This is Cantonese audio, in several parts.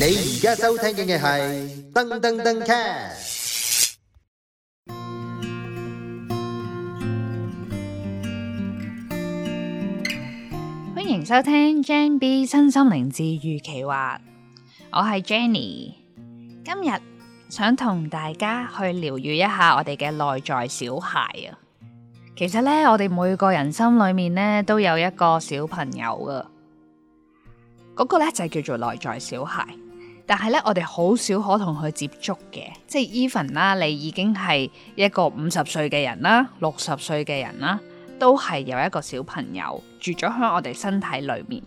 你而家收聽嘅係噔噔噔 cast，歡迎收聽 Jenny 身心靈治癒奇話，我係 Jenny，今日想同大家去療愈一下我哋嘅內在小孩啊！其實呢，我哋每個人心裏面呢都有一個小朋友啊，嗰個呢就叫做內在小孩。但係咧，我哋好少可同佢接觸嘅，即係 even 啦，你已經係一個五十歲嘅人啦，六十歲嘅人啦，都係有一個小朋友住咗喺我哋身體裏面，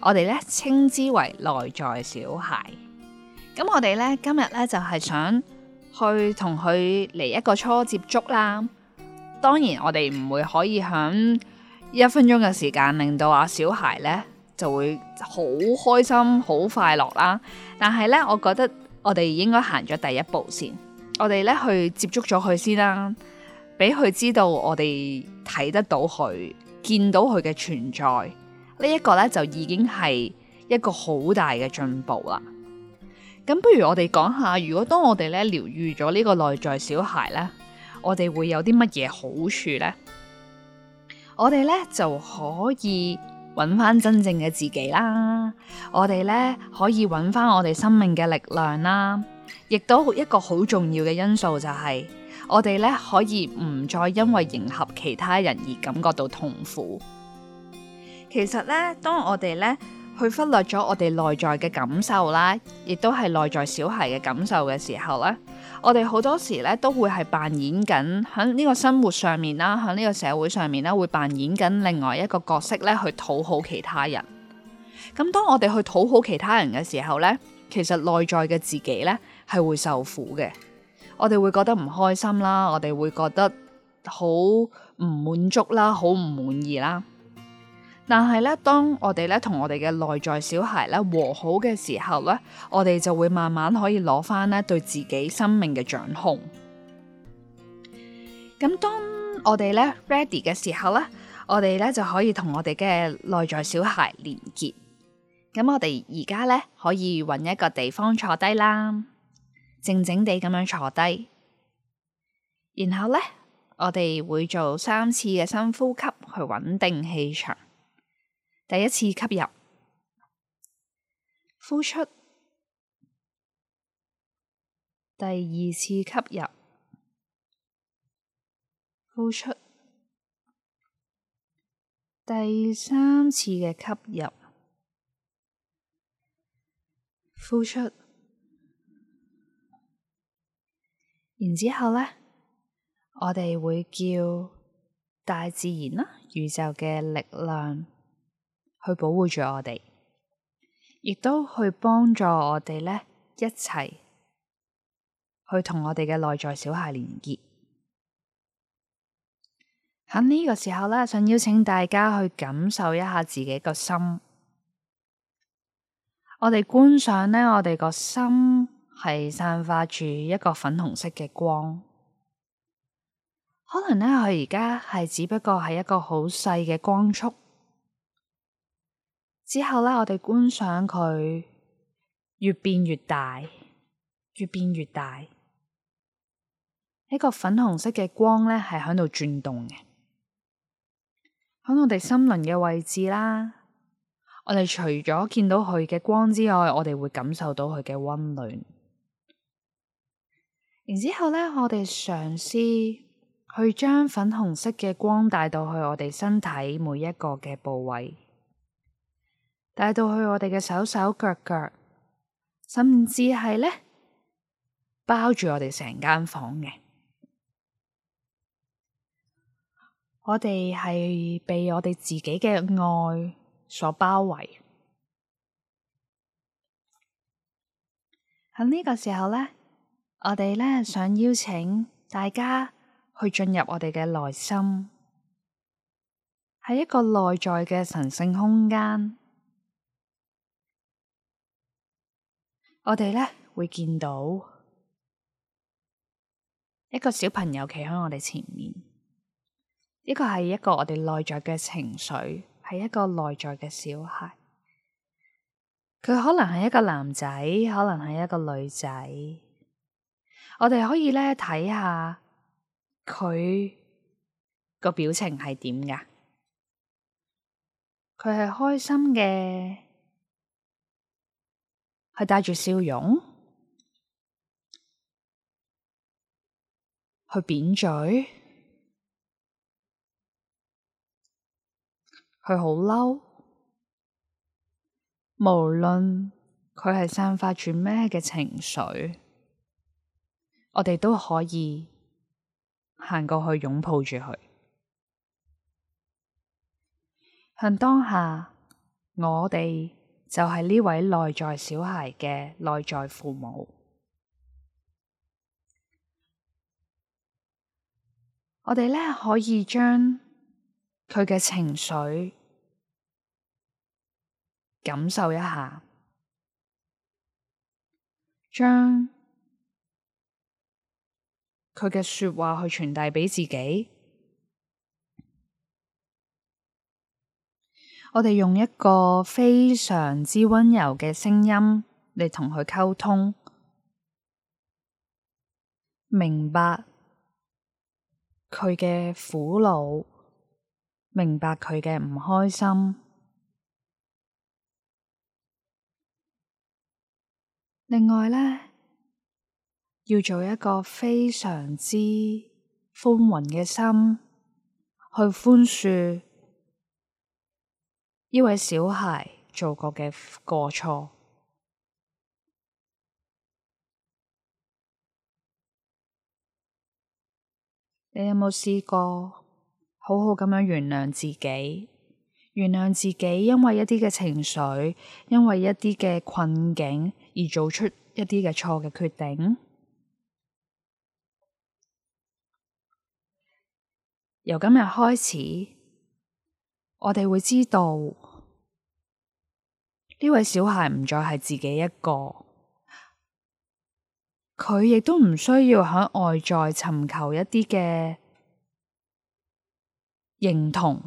我哋咧稱之為內在小孩。咁我哋咧今日咧就係想去同佢嚟一個初接觸啦。當然我哋唔會可以響一分鐘嘅時間令到阿小孩咧，就會好開心、好快樂啦。但係咧，我覺得我哋應該行咗第一步先，我哋咧去接觸咗佢先啦，俾佢知道我哋睇得到佢、見到佢嘅存在，這個、呢一個咧就已經係一個好大嘅進步啦。咁不如我哋講下，如果當我哋咧療愈咗呢個內在小孩咧，我哋會有啲乜嘢好處咧？我哋咧就可以。揾翻真正嘅自己啦，我哋咧可以揾翻我哋生命嘅力量啦，亦都一個好重要嘅因素就係，我哋咧可以唔再因為迎合其他人而感覺到痛苦。其實咧，當我哋咧。去忽略咗我哋內在嘅感受啦，亦都係內在小孩嘅感受嘅時候咧，我哋好多時咧都會係扮演緊喺呢個生活上面啦，喺呢個社會上面咧，會扮演緊另外一個角色咧去討好其他人。咁當我哋去討好其他人嘅時候咧，其實內在嘅自己咧係會受苦嘅，我哋會覺得唔開心啦，我哋會覺得好唔滿足啦，好唔滿意啦。但係咧，當我哋咧同我哋嘅內在小孩咧和好嘅時候咧，我哋就會慢慢可以攞翻咧對自己生命嘅掌控。咁當我哋咧 ready 嘅時候咧，我哋咧就可以同我哋嘅內在小孩連結。咁我哋而家咧可以搵一個地方坐低啦，靜靜地咁樣坐低，然後咧，我哋會做三次嘅深呼吸去穩定氣場。第一次吸入、呼出；第二次吸入、呼出；第三次嘅吸入、呼出。然之後咧，我哋會叫大自然啦、宇宙嘅力量。去保護住我哋，亦都去幫助我哋呢，一齊去同我哋嘅內在小孩連結。喺呢個時候呢，想邀請大家去感受一下自己個心。我哋觀想呢，我哋個心係散發住一個粉紅色嘅光，可能呢，佢而家係只不過係一個好細嘅光束。之後呢，我哋觀賞佢越變越大，越變越大。呢個粉紅色嘅光呢，係喺度轉動嘅，喺我哋心輪嘅位置啦。我哋除咗見到佢嘅光之外，我哋會感受到佢嘅溫暖。然之後呢，我哋嘗試去將粉紅色嘅光帶到去我哋身體每一個嘅部位。帶到去我哋嘅手手腳腳，甚至係呢包住我哋成間房嘅，我哋係被我哋自己嘅愛所包圍。喺呢個時候呢，我哋呢想邀請大家去進入我哋嘅內心，喺一個內在嘅神聖空間。我哋咧會見到一個小朋友企喺我哋前面，呢個係一個我哋內在嘅情緒，係一個內在嘅小孩。佢可能係一個男仔，可能係一個女仔。我哋可以咧睇下佢個表情係點噶？佢係開心嘅。佢帶住笑容，佢扁嘴，佢好嬲。無論佢係散發住咩嘅情緒，我哋都可以行過去擁抱住佢，向當下我哋就係呢位內在小孩嘅內在父母，我哋咧可以將佢嘅情緒感受一下，將佢嘅說話去傳遞俾自己。我哋用一個非常之溫柔嘅聲音嚟同佢溝通，明白佢嘅苦惱，明白佢嘅唔開心。另外呢，要做一個非常之寬宏嘅心去寬恕。呢位小孩做過嘅過錯，你有冇試過好好咁樣原諒自己？原諒自己，因為一啲嘅情緒，因為一啲嘅困境而做出一啲嘅錯嘅決定。由今日開始，我哋會知道。呢位小孩唔再係自己一個，佢亦都唔需要響外在尋求一啲嘅認同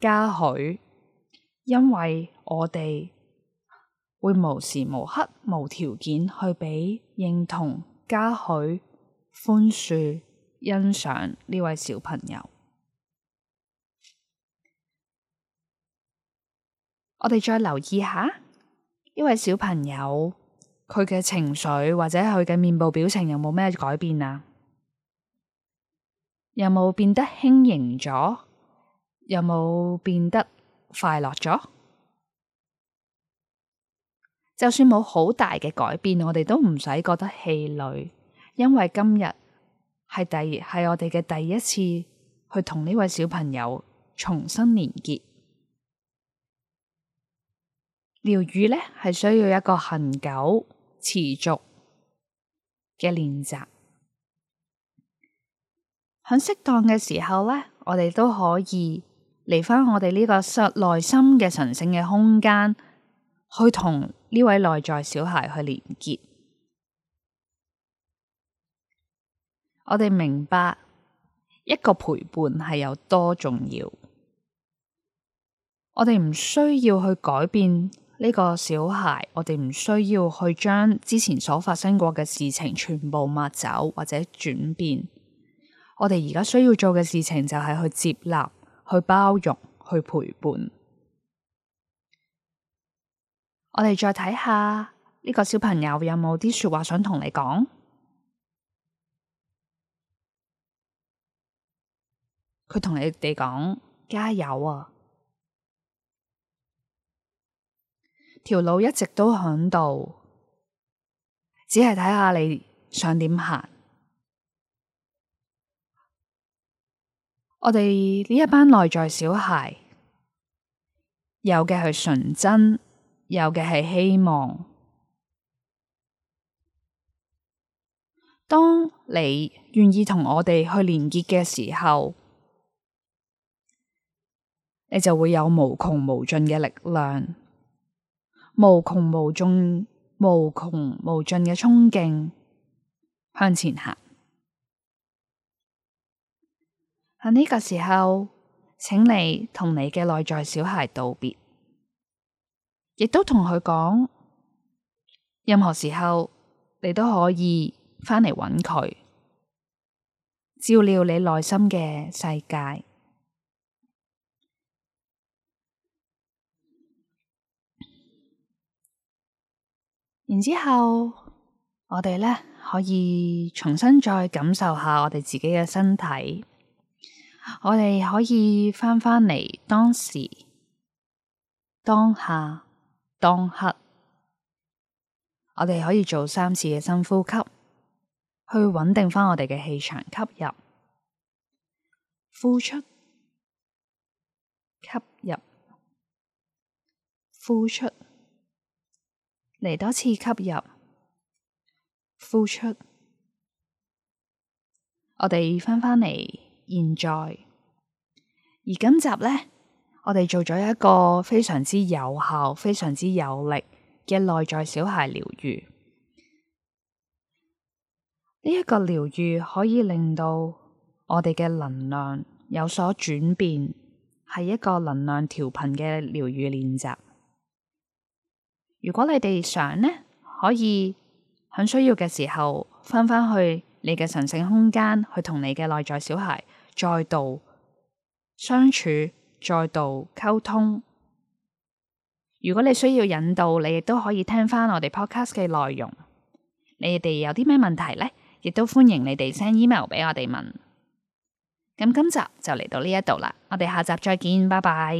嘉許，因為我哋會無時無刻無條件去俾認同嘉許、寬恕、欣賞呢位小朋友。我哋再留意下。呢位小朋友，佢嘅情緒或者佢嘅面部表情有冇咩改變啊？有冇變得輕盈咗？有冇變得快樂咗？就算冇好大嘅改變，我哋都唔使覺得氣餒，因為今日係第係我哋嘅第一次去同呢位小朋友重新連結。療癒呢係需要一個恒久、持續嘅練習。喺適當嘅時候呢，我哋都可以嚟返我哋呢個實內心嘅神聖嘅空間，去同呢位內在小孩去連結。我哋明白，一個陪伴係有多重要。我哋唔需要去改變。呢個小孩，我哋唔需要去將之前所發生過嘅事情全部抹走或者轉變。我哋而家需要做嘅事情就係去接納、去包容、去陪伴。我哋再睇下呢個小朋友有冇啲說話想同你講？佢同你哋講：加油啊！條路一直都響度，只係睇下你想點行。我哋呢一班內在小孩，有嘅係純真，有嘅係希望。當你願意同我哋去連結嘅時候，你就會有無窮無盡嘅力量。無窮無盡、無窮無盡嘅衝勁向前行。喺呢個時候，請你同你嘅內在小孩道別，亦都同佢講，任何時候你都可以返嚟揾佢，照料你內心嘅世界。然之後，我哋咧可以重新再感受下我哋自己嘅身體。我哋可以翻返嚟當時、當下、當刻，我哋可以做三次嘅深呼吸，去穩定翻我哋嘅氣場，吸入、呼出、吸入、呼出。嚟多次吸入、呼出，我哋翻返嚟現在。而今集呢，我哋做咗一個非常之有效、非常之有力嘅內在小孩療愈。呢、這、一個療愈可以令到我哋嘅能量有所轉變，係一個能量調頻嘅療愈練習。如果你哋想呢，可以喺需要嘅時候翻返去你嘅神聖空間，去同你嘅內在小孩再度相處，再度溝通。如果你需要引導，你亦都可以聽翻我哋 podcast 嘅內容。你哋有啲咩問題呢？亦都歡迎你哋 send email 俾我哋問。咁今集就嚟到呢一度啦，我哋下集再見，拜拜。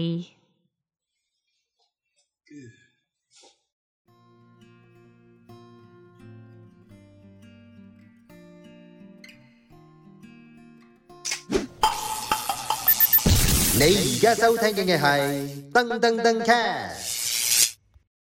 你而家收聽嘅係噔噔噔 cat